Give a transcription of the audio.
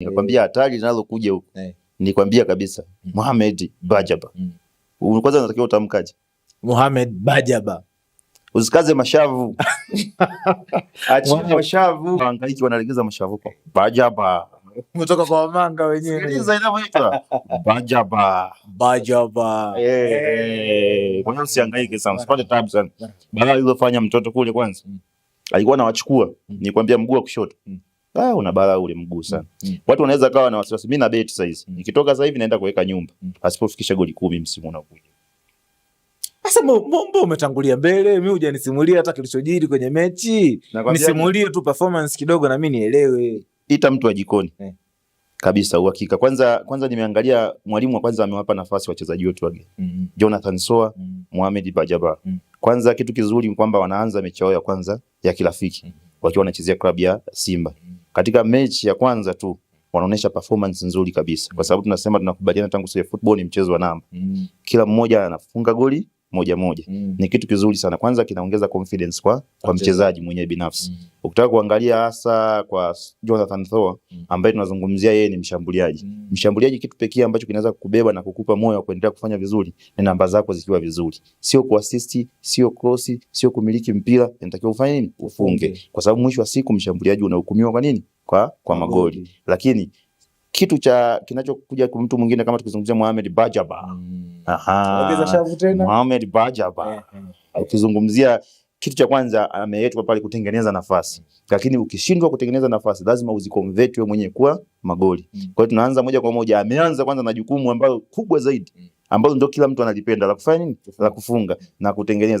Nikwambia eh. hatari zinazokuja huko. Eh. Nikwambia kabisa. Mm. Mohamed mm. Bajaba. Mm. Kwanza unatakiwa utamkaje? Mohamed Bajaba. Usikaze mashavu. Acha mashavu. Angaiki wanalegeza mashavu kwa Bajaba. Mtoka kwa manga wenyewe. Sikiliza inavyoitwa. Bajaba. Bajaba. Eh, eh. Kwa hiyo usihangaike sana. Usipate tabu sana. Balaa iliyofanya mtoto kule kwanza. Alikuwa anawachukua. Nikwambia mguu wa kushoto ah, una balaa ule mguu sana. Mm, mm. Watu wanaweza kawa na wasiwasi, mimi na beti sasa hizi. Mm. Nikitoka sasa hivi naenda kuweka nyumba. Mm. Asipofikisha goli kumi msimu unakuja. Sasa mbona umetangulia mbele? Mimi hujanisimulia hata kilichojiri kwenye mechi. Nisimulie tu performance kidogo na mimi nielewe. Ita mtu wa jikoni. Eh. Kabisa uhakika. Kwanza kwanza nimeangalia mwalimu wa kwanza amewapa nafasi wachezaji wote wage. Mm. Jonathan Soa, mm. Mohamed Bajaba. Mm. Kwanza kitu kizuri kwamba wanaanza mechi yao ya kwanza ya kirafiki. Mm. Wakiwa wanachezea klabu ya Simba. Mm katika mechi ya kwanza tu wanaonesha performance nzuri kabisa, kwa sababu tunasema tunakubaliana tangu sasa football ni mchezo wa namba mm. Kila mmoja anafunga goli moja moja mm. Ni kitu kizuri sana, kwanza kinaongeza confidence kwa, kwa mchezaji mwenyewe binafsi mm. Ukitaka kuangalia hasa kwa Jonathan Thor mm. ambaye tunazungumzia yeye ni mshambuliaji mm. Mshambuliaji, kitu pekee ambacho kinaweza kukubeba na kukupa moyo wa kuendelea kufanya vizuri ni namba zako zikiwa vizuri, sio ku assist, sio cross, sio kumiliki mpira, inatakiwa ufanye nini? Ufunge, Okay. kwa sababu mwisho wa siku mshambuliaji unahukumiwa kwa nini? Kwa, kwa magoli, Okay. lakini kitu cha kinachokuja kwa mtu mwingine kama tukizungumzia Mohamed Bajaba mm. Mohamed Bajaba, eh, eh. ukizungumzia kitu cha kwanza ameetwa pale kutengeneza nafasi, lakini ukishindwa kutengeneza nafasi lazima uzikonvert wewe mwenyewe kuwa magoli. Mm. Kwa hiyo tunaanza moja kwa moja, ameanza kwanza na jukumu ambalo kubwa zaidi mm. ambalo ndio kila mtu analipenda la kufanya nini, la kufunga na kutengeneza